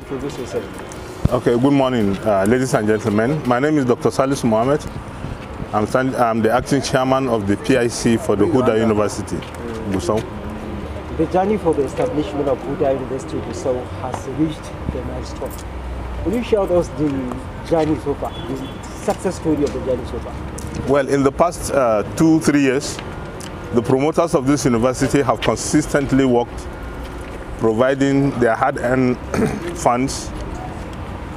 Introduce yourself. Okay, good morning, uh, ladies and gentlemen. My name is Dr. Salis Mohammed. I'm, I'm, the acting chairman of the PIC for the Huda University, Gusau. The journey for the establishment of Huda University Gusau has reached the milestone. Will you share with us the journey so far, the success story of the journey so far? Well, in the past uh, two, three years, the promoters of this university have consistently worked providing their hard-earned funds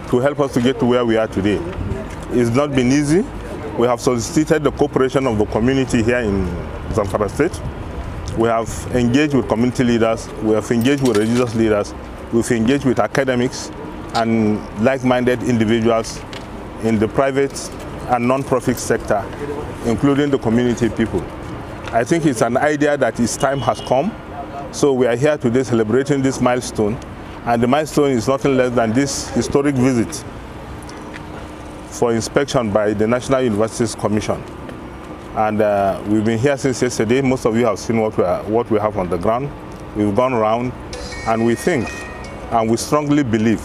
to help us to get to where we are today. It's not been easy. We have solicited the cooperation of the community here in Zamfara State. We have engaged with community leaders, we have engaged with religious leaders, we've engaged with academics and like-minded individuals in the private and non-profit sector, including the community people. I think it's an idea that its time has come so we are here today celebrating this milestone, and the milestone is nothing less than this historic visit for inspection by the National Universities Commission. And uh, we've been here since yesterday. Most of you have seen what we, are, what we have on the ground. We've gone around, and we think, and we strongly believe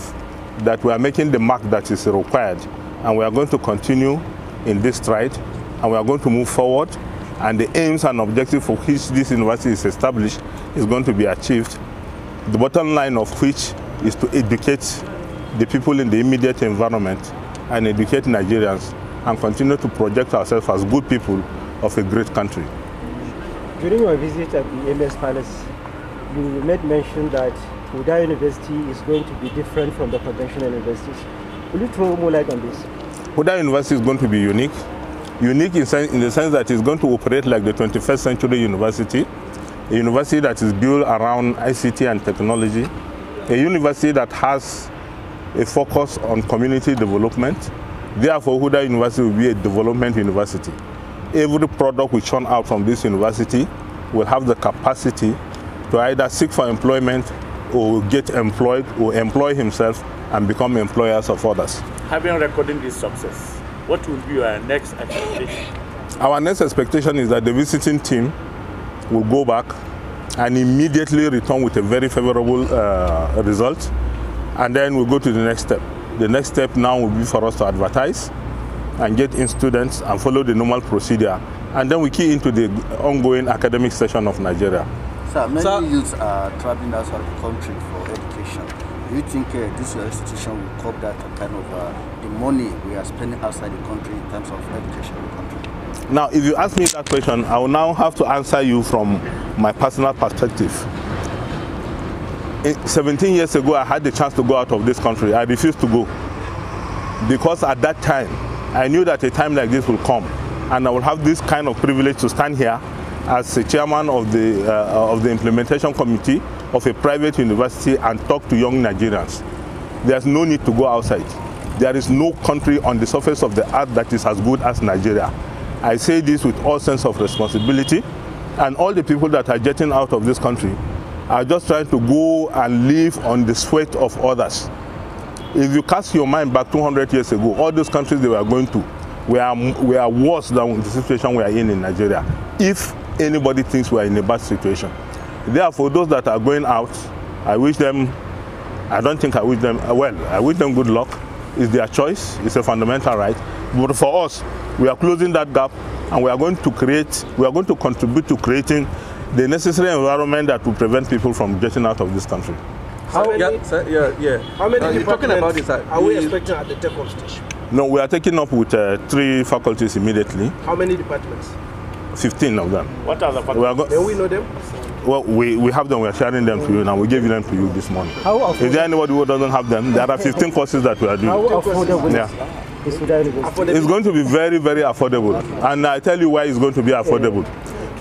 that we are making the mark that is required and we are going to continue in this stride and we are going to move forward and the aims and objectives for which this university is established is going to be achieved. The bottom line of which is to educate the people in the immediate environment and educate Nigerians and continue to project ourselves as good people of a great country. During your visit at the MS Palace, you made mention that Uda University is going to be different from the conventional universities. Will you throw more light on this? Uda University is going to be unique unique in, in, the sense that it's going to operate like the 21st century university, a university that is built around ICT and technology, a university that has a focus on community development. Therefore, Huda University will be a development university. Every product we churn out from this university will have the capacity to either seek for employment or get employed or employ himself and become employers of others. Have been recording this success, what will be your next expectation? Our next expectation is that the visiting team will go back and immediately return with a very favorable uh, result. And then we'll go to the next step. The next step now will be for us to advertise and get in students and follow the normal procedure. And then we key into the ongoing academic session of Nigeria. Sir, many Sir, youths are traveling outside the country for Do you think uh, this institution will curb that kind of uh, the money we are spending outside the country in terms of education in the country? Now, if you ask me that question, I will now have to answer you from my personal perspective. 17 eh, years ago, I had the chance to go out of this country. I refused to go because at that time, I knew that a time like this will come and I will have this kind of privilege to stand here as the chairman of the, uh, of the implementation committee of a private university and talk to young Nigerians. There's no need to go outside. There is no country on the surface of the earth that is as good as Nigeria. I say this with all sense of responsibility and all the people that are jetting out of this country are just trying to go and live on the sweat of others. If you cast your mind back 200 years ago, all those countries they were going to were, were worse than the situation we are in in Nigeria. If anybody thinks we're in a bad situation. Therefore, those that are going out, I wish them, I don't think I wish them, uh, well, I wish them good luck. It's their choice, it's a fundamental right. But for us, we are closing that gap and we are going to create, we are going to contribute to creating the necessary environment that will prevent people from getting out of this country. How many, yeah, sir, yeah, yeah. How many uh, you're talking about this, are we expecting at the Techom station? No, we are taking up with uh, three faculties immediately. How many departments? 15 of them. What are the factors? Do we know them? Well, we, we have them, we are sharing them to you now. We gave them to you this morning. How affordable? Is there anybody who doesn't have them? There are 15 courses that we are doing. How affordable yeah. is affordable. It's going to be very, very affordable. And I tell you why it's going to be affordable.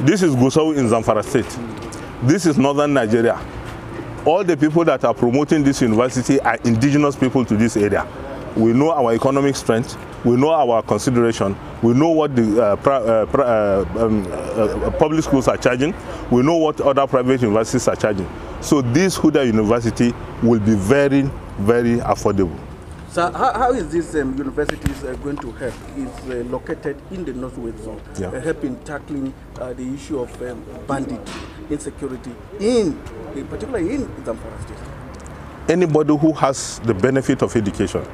This is Gusau in Zamfara State. This is northern Nigeria. All the people that are promoting this university are indigenous people to this area. We know our economic strength. we know our consideration, we know what the uh, uh, uh um, uh, public schools are charging, we know what other private universities are charging. So this Huda University will be very, very affordable. So how, how is this um, university uh, going to help? It's uh, located in the Northwest Zone, yeah. uh, helping tackling the issue of um, insecurity, in particularly in Zamfara State. Anybody who has the benefit of education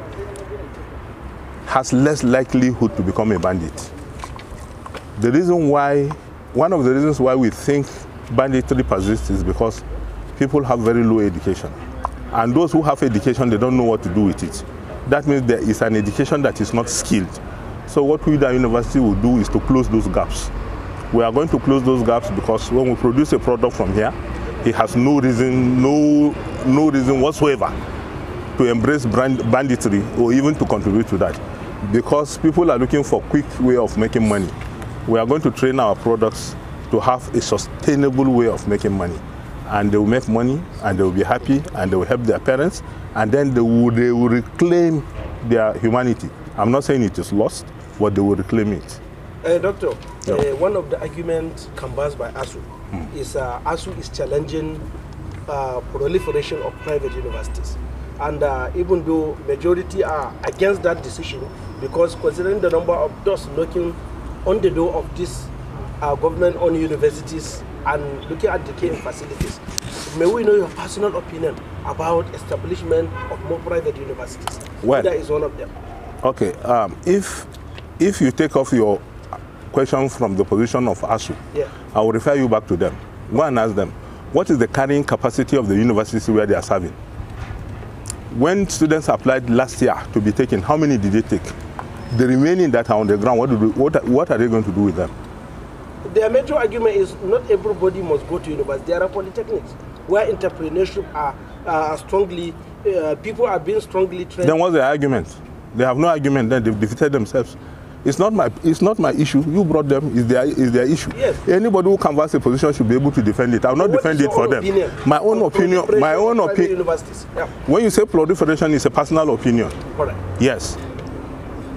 has less likelihood to become a bandit. The reason why, one of the reasons why we think banditry persists is because people have very low education. And those who have education, they don't know what to do with it. That means there is an education that is not skilled. So what we at university will do is to close those gaps. We are going to close those gaps because when we produce a product from here, it has no reason, no, no reason whatsoever to embrace brand, banditry or even to contribute to that because people are looking for quick way of making money. We are going to train our products to have a sustainable way of making money. And they will make money and they will be happy and they will help their parents and then they will, they will reclaim their humanity. I'm not saying it is lost, but they will reclaim it. Uh, doctor, uh, yeah. uh, one of the arguments canvassed by ASU mm. is uh, ASU is challenging uh, proliferation of private universities. And uh, even though majority are against that decision, because considering the number of doors knocking on the door of these uh, government-owned universities and looking at the care facilities, may we know your personal opinion about establishment of more private universities? Well, that is one of them. Okay, um, if if you take off your question from the position of ASU, yeah. I will refer you back to them. Go and ask them, what is the carrying capacity of the universities where they are serving? When students applied last year to be taken, how many did they take? the remaining that are on the ground, what, do, what, are, what are they going to do with them? Their major argument is not everybody must go to university. There are polytechnics where entrepreneurship are, strongly, uh, people are being strongly trained. Then what's the argument? They have no argument. Then they've defeated themselves. It's not my it's not my issue. You brought them. It's their is their issue. Yes. Anybody who canvass a position should be able to defend it. I will not defend it for them. My own opinion. My own opinion. Yeah. When you say proliferation, it's a personal opinion. Correct. Yes.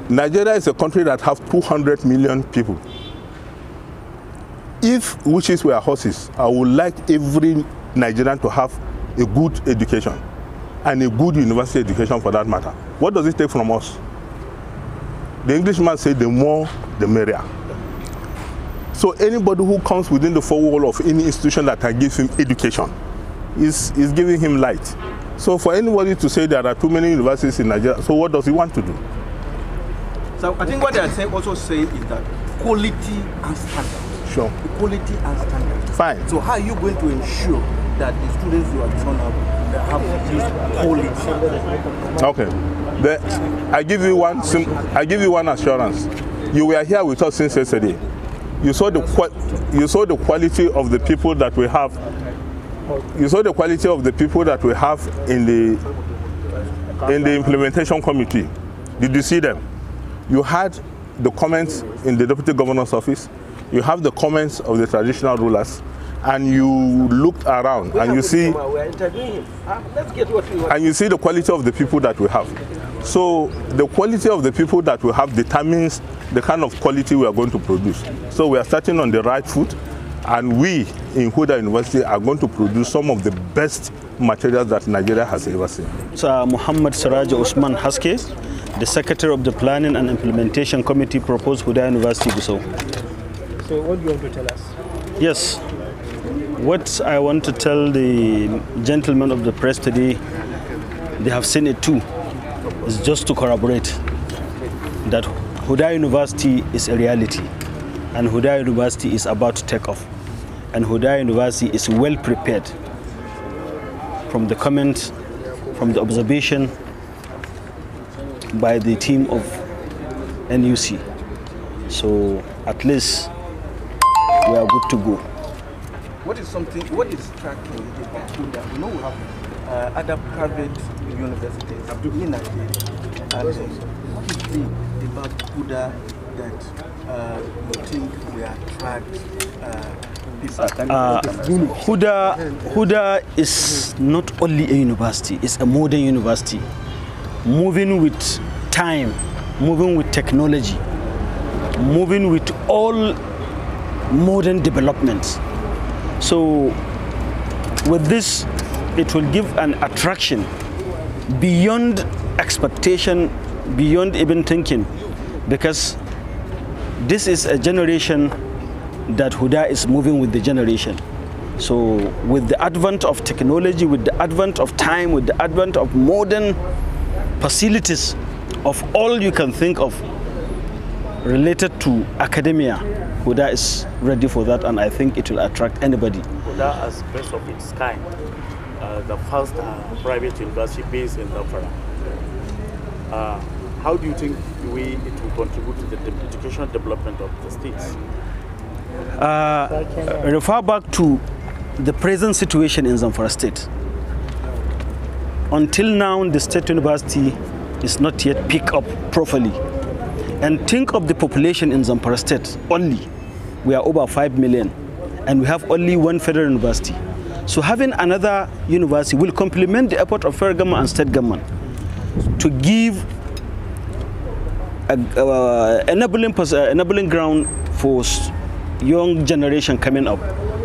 Nigeria is a country that have 200 million people. If wishes were horses, I would like every Nigerian to have a good education and a good university education for that matter. What does it take from us? The Englishman said the more, the merrier. So anybody who comes within the four wall of any institution that can give him education is, is giving him light. So for anybody to say there are too many universities in Nigeria, so what does he want to do? So I think what they are saying, also saying is that quality and standard. Sure. Quality and standard. Fine. So how are you going to ensure that the students you are drawn up have this quality? Okay. The, I give you one. Sim, I give you one assurance. You were here with us since yesterday. You saw the you saw the quality of the people that we have. You saw the quality of the people that we have in the in the implementation committee. Did you see them? you had the comments in the deputy governor's office, you have the comments of the traditional rulers, and you looked around we and you see ah, and you see the quality of the people that we have. So the quality of the people that we have determines the kind of quality we are going to produce. So we are starting on the right foot and we in Huda University are going to produce some of the best materials that Nigeria has ever seen. Sir Muhammad Siraja Usman Haske, the Secretary of the Planning and Implementation Committee proposed Huda University Gusau. So what do you want to tell us? Yes. What I want to tell the gentlemen of the press today, they have seen it too, is just to corroborate that Huda University is a reality and Huda University is about to take off and Huda University is well prepared from the comments, from the observation by the team of NUC. So at least we are good to go. What is something, what is tracking the Bakunda? You know we have uh, other private universities in Nigeria. And uh, what is the, about Bakunda that uh, you think we are tracked uh, uh, Huda, Huda is not only a university, it's a modern university. Moving with time, moving with technology, moving with all modern developments. So with this, it will give an attraction beyond expectation, beyond even thinking, because this is a generation that Huda is moving with the generation. So with the advent of technology, with the advent of time, with the advent of modern facilities of all you can think of related to academia, Huda is ready for that and I think it will attract anybody. Huda as best of its kind, uh, the first uh, private university based in Dhafara. Uh, how do you think we, it will contribute to the educational development of the states? uh, refer back to the present situation in Zamfara state. Until now, the state university is not yet picked up properly. And think of the population in Zamfara state only. We are over 5 million and we have only one federal university. So having another university will complement the effort of federal government and state government to give a, uh, enabling, uh, enabling ground for young generation coming up,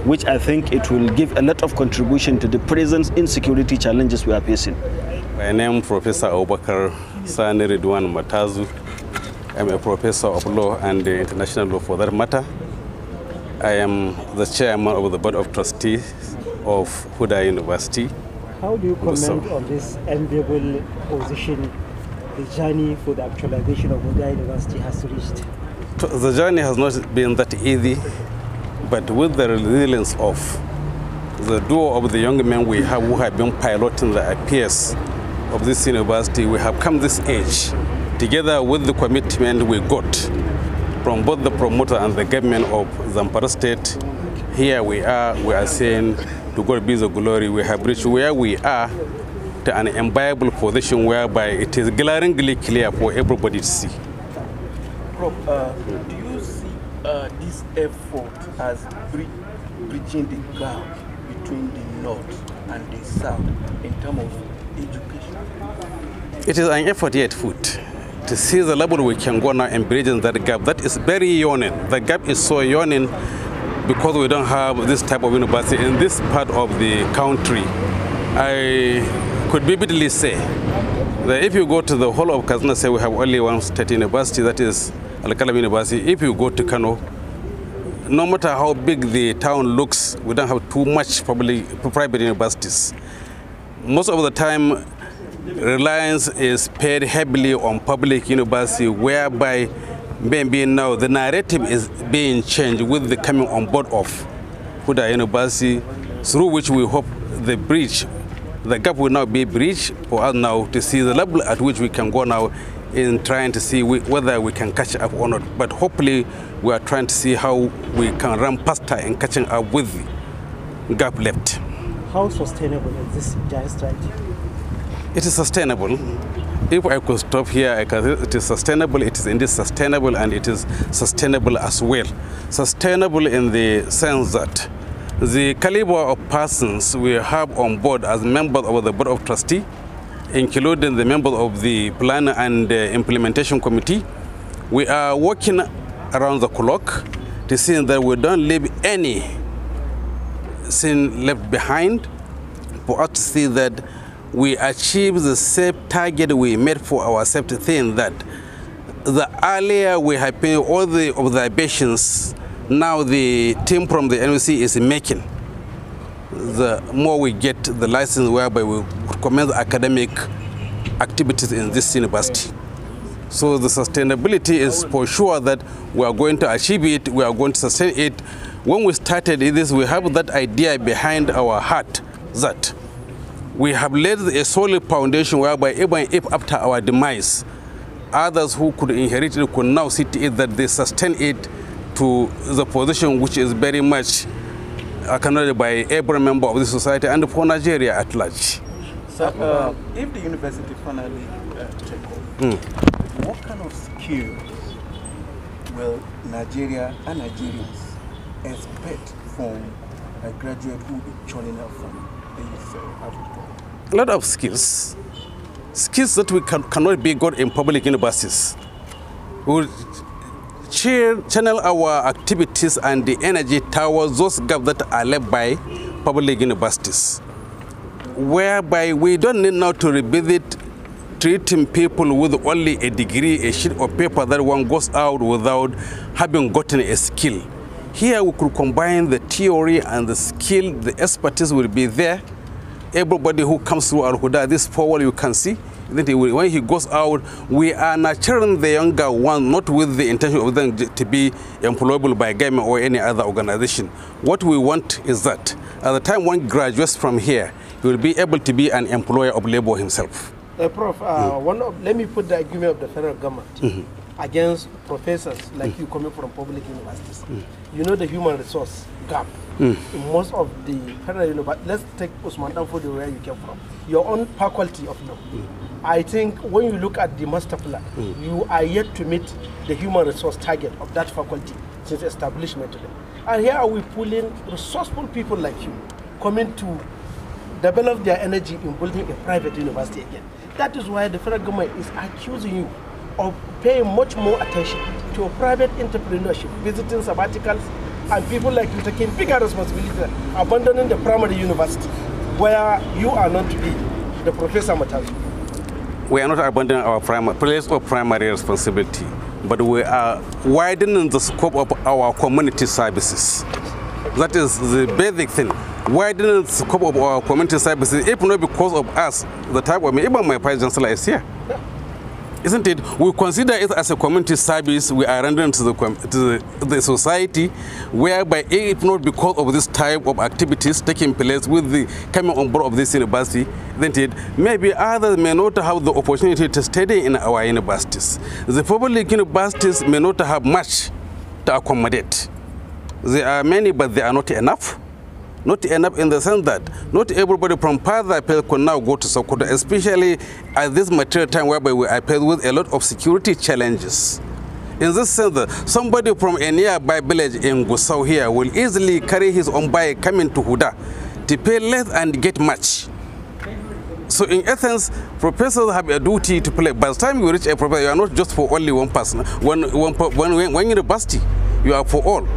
which I think it will give a lot of contribution to the present insecurity challenges we are facing. My name Professor Obakar Sani Ridwan Matazu. I'm a professor of law and international law for that matter. I am the chairman of the board of trustees of Huda University. How do you comment so, on this enviable position, the journey for the actualization of Huda University has reached? the journey has not been that easy, but with the resilience of the duo of the young men we have who have been piloting the IPS of this university, we have come this age together with the commitment we got from both the promoter and the government of Zamfara State. Here we are, we are saying to God be the glory, we have reached where we are to an enviable position whereby it is glaringly clear for everybody to see. Prop, uh, do you see uh, this effort as bridging the gap between the North and the South in terms of education? It is an effort yet foot to see the level we can go now and bridge that gap. That is very yawning. The gap is so yawning because we don't have this type of university in this part of the country. I could vividly say that if you go to the whole of Kazna, say we have only one state university, that is Alkalam University, if you go to Kano, no matter how big the town looks, we don't have too much public, private universities. Most of the time, reliance is paid heavily on public university, whereby maybe now the narrative is being changed with the coming on board of Huda University, through which we hope the bridge, the gap will now be bridged for us now to see the level at which we can go now in trying to see we, whether we can catch up or not. But hopefully, we are trying to see how we can run faster in catching up with the gap left. How sustainable is this giant strike? It is sustainable. If I could stop here, I can it is sustainable, it is indeed sustainable, and it is sustainable as well. Sustainable in the sense that the caliber of persons we have on board as members of the Board of Trustees including the members of the Plan and uh, Implementation Committee, we are working around the clock to see that we don't leave any sin left behind for us to see that we achieve the same target we made for our safety thing that the earlier we have made all the observations now the team from the NOC is making the more we get the license whereby we commence academic activities in this university. So the sustainability is for sure that we are going to achieve it, we are going to sustain it. When we started this, we have that idea behind our heart that we have laid a solid foundation whereby even if after our demise, others who could inherit it could now see it that they sustain it to the position which is very much accountable by every member of the society and for Nigeria at large. So, uh, if the university finally uh, take off, mm. what kind of skills will Nigeria and Nigerians expect from a graduate who is joining up from the uh, A lot of skills. Skills that we can, cannot be good in public universities. We'll, channel our activities and the energy towards those gaps that are left by public universities, whereby we don't need now to revisit treating people with only a degree, a sheet of paper that one goes out without having gotten a skill. Here we could combine the theory and the skill, the expertise will be there. Everybody who comes through Al-Huda, this forward you can see, that when he goes out, we are nurturing the younger one, not with the intention of them to be employable by government or any other organization. What we want is that at the time one graduates from here, he will be able to be an employer of labor himself. Uh, Prof, uh, mm one of, let me put the argument of the federal government mm -hmm. against professors like mm you coming from public universities. Mm-hmm. You know the human resource gap mm. most of the federal university, let's take Usman Danfodio where you came from, your own faculty of law. Mm. I think when you look at the master plan, mm. you are yet to meet the human resource target of that faculty since establishment today. And here are we pulling resourceful people like you coming to develop their energy in building a private university again. That is why the federal government is accusing you of paying much more attention to private entrepreneurship, visiting sabbaticals, and people like you taking bigger responsibility, abandoning the primary university where you are known to be the Professor Matazu. We are not abandoning our place of primary responsibility, but we are widening the scope of our community services. That is the basic thing. Widening the scope of our community services, if not because of us, the type of, even my vice chancellor is here. Yeah isn't it? We consider it as a community service we are rendering to the, to the, the society, whereby if not because of this type of activities taking place with the coming on board of this university, isn't it? Maybe others may not have the opportunity to study in our universities. The public universities may not have much to accommodate. There are many, but they are not enough not end up in the sense that not everybody from further appeal could now go to Sokoto, especially at this material time whereby we are faced with a lot of security challenges. In this sense, somebody from a nearby village in Gusau here will easily carry his own bike coming to Huda to pay less and get much. So in essence, professors have a duty to play. By the time you reach a professor, you are not just for only one person, When you're one, one, one, one university, you are for all.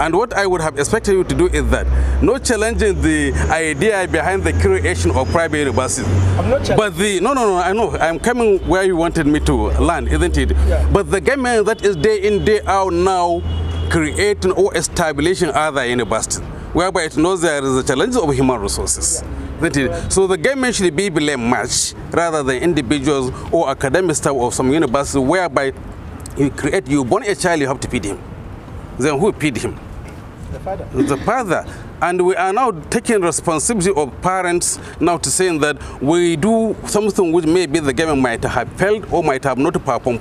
And what I would have expected you to do is that, not challenging the idea behind the creation of private universities. I'm not But the, no, no, no, I know, I'm coming where you wanted me to land, isn't it? Yeah. But the government that is day in, day out now, creating or establishing other universities, whereby it knows there is a challenge of human resources. Yeah. So the government should be blamed much rather than individuals or academic staff of some university whereby you create, you born a child, you have to feed him. Then who feed him? the father. The father. And we are now taking responsibility of parents now to saying that we do something which maybe the government might have failed or might have not performed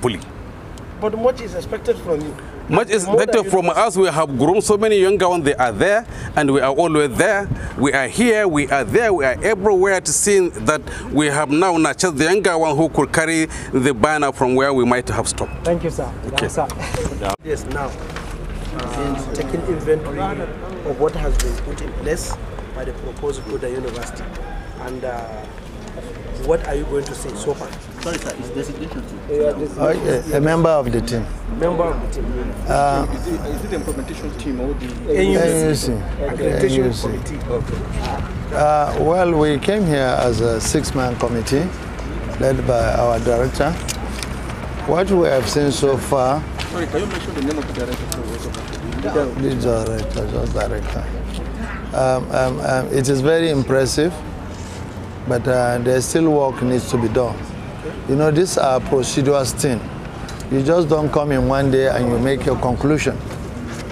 But much is expected from you. Much is expected from us. We have grown so many younger ones. They are there, and we are always there. We are here, we are there, we are everywhere to see that we have now nurtured the younger one who could carry the banner from where we might have stopped. Thank you, sir. Okay. Yes, now taking inventory of what has been put in place by the proposed Buddha University. And uh, what are you going to say so far? Sorry, sir, it's designation okay, a member of the team. Member of the team. Uh, is, it, is, it the implementation team or the NUC? Accreditation NUC. committee. Okay. Uh, well, we came here as a six-man committee led by our director. What we have seen so far. Sorry, can you mention the name of the director? This director, just director. Um, um, um, it is very impressive, but uh, there's still work needs to be done. You know, these are uh, procedural thing. You just don't come in one day and you make your conclusion.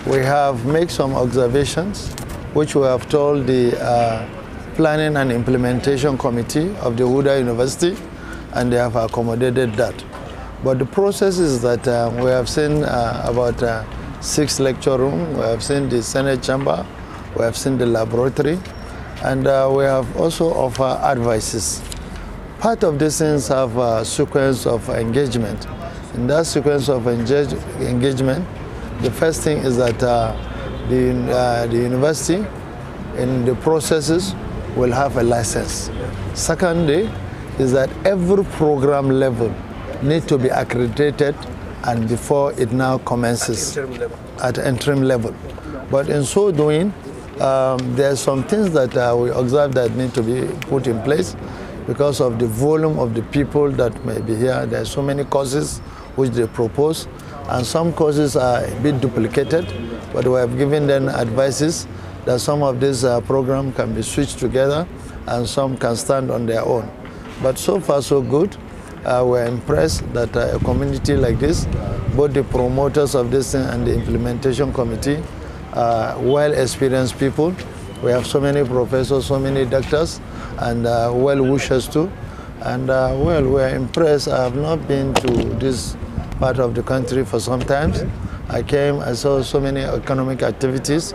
We have made some observations, which we have told the uh, Planning and Implementation Committee of the Huda University, and they have accommodated that. But the process is that uh, we have seen uh, about uh, six lecture room. We have seen the Senate chamber. We have seen the laboratory. And uh, we have also offered advices. Part of these things have a sequence of engagement. In that sequence of engage engagement, the first thing is that uh, the, uh, the university in the processes will have a license. Secondly, is that every program level need to be accredited and before it now commences at interim, at interim level. But in so doing, um, there are some things that uh, we observe that need to be put in place because of the volume of the people that may be here. There are so many causes which they propose, and some causes are a bit duplicated, but we have given them advices that some of these uh, programs can be switched together and some can stand on their own. But so far, so good uh, we're impressed that uh, a community like this, both the promoters of this and the implementation committee, uh, well-experienced people. We have so many professors, so many doctors, and uh, well-wishers too. And uh, well, we're impressed. I have not been to this part of the country for some time. I came, I saw so many economic activities.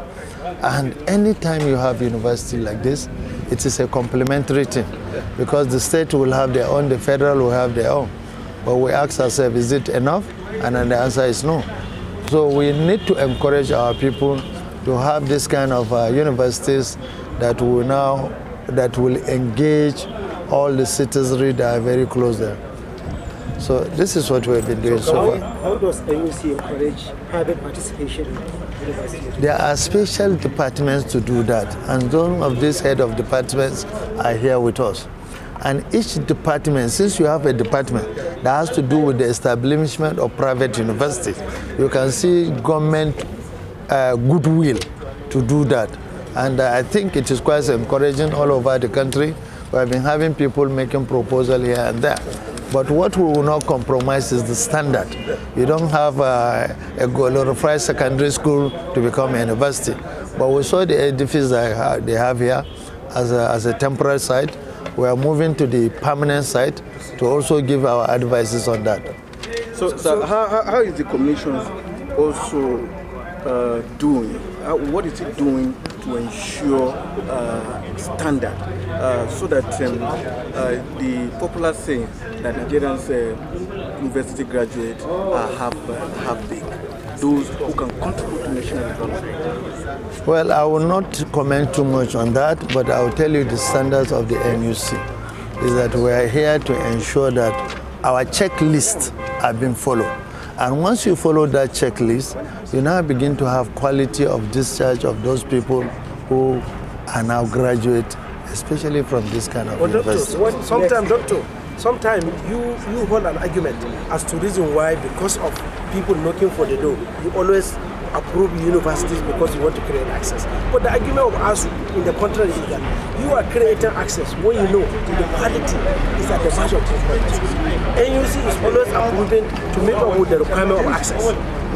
And any time you have university like this, it is a complementary thing because the state will have their own, the federal will have their own. But we ask ourselves, is it enough? And then the answer is no. So we need to encourage our people to have this kind of uh, universities that will now, that will engage all the citizenry that are very close there. So this is what we've been doing so, so how, far. How does NUC encourage private participation in universities? There are special departments to do that, and some of these head of departments are here with us. And each department, since you have a department that has to do with the establishment of private universities, you can see government uh, goodwill to do that. And uh, I think it is quite encouraging all over the country. We have been having people making proposals here and there. But what we will not compromise is the standard. You don't have uh, a glorified secondary school to become a university. But we saw the edifice that they have here as a, as a temporary site. We are moving to the permanent site to also give our advices on that. So, so, so how, how is the commission also uh, doing? How, what is it doing to ensure uh, standard uh, so that um, uh, the popular saying that Nigerians uh, university graduates have, have big? those who can contribute to national development? Well, I will not comment too much on that, but I will tell you the standards of the NUC is that we are here to ensure that our checklist have been followed. And once you follow that checklist, you now begin to have quality of discharge of those people who are now graduate, especially from this kind of well, university. Doctor, sometimes, doctor, sometimes you, you hold an argument as to reason why because of people knocking for the door. You always approve universities because you want to create access. But the argument of us in the contrary is that you are creating access when you know the quality is at the margin of performance. NUC is always approving to meet up with the requirement of access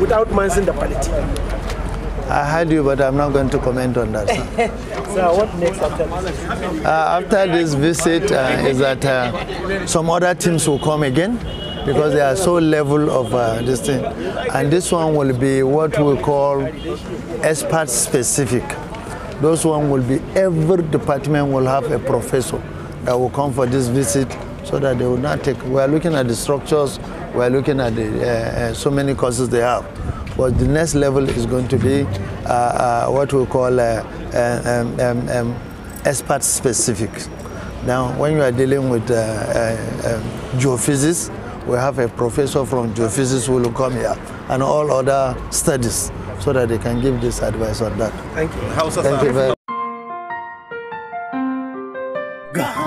without mentioning the quality. I heard you, but I'm not going to comment on that. so what next after this? Uh, after this visit uh, is that uh, some other teams will come again because they are so level of uh, this thing. And this one will be what we call expert specific. Those one will be every department will have a professor that will come for this visit so that they will not take. We are looking at the structures, we are looking at the, uh, uh so many courses they have. But the next level is going to be uh, uh what we call uh, um, um, um, expert specific. Now, when you are dealing with uh, uh, uh, geophysics, we have a professor from geophysics who will come here and all other studies so that they can give this advice on that. Thank you. How's Thank you very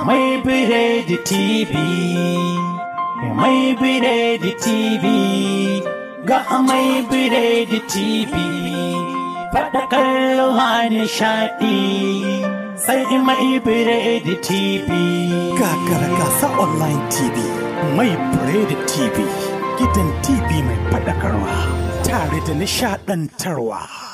Mai TV, TV, TV, TV. online TV. Mai Biredi TV, gidan TV mai faɗakarwa tare da nishaɗantarwa.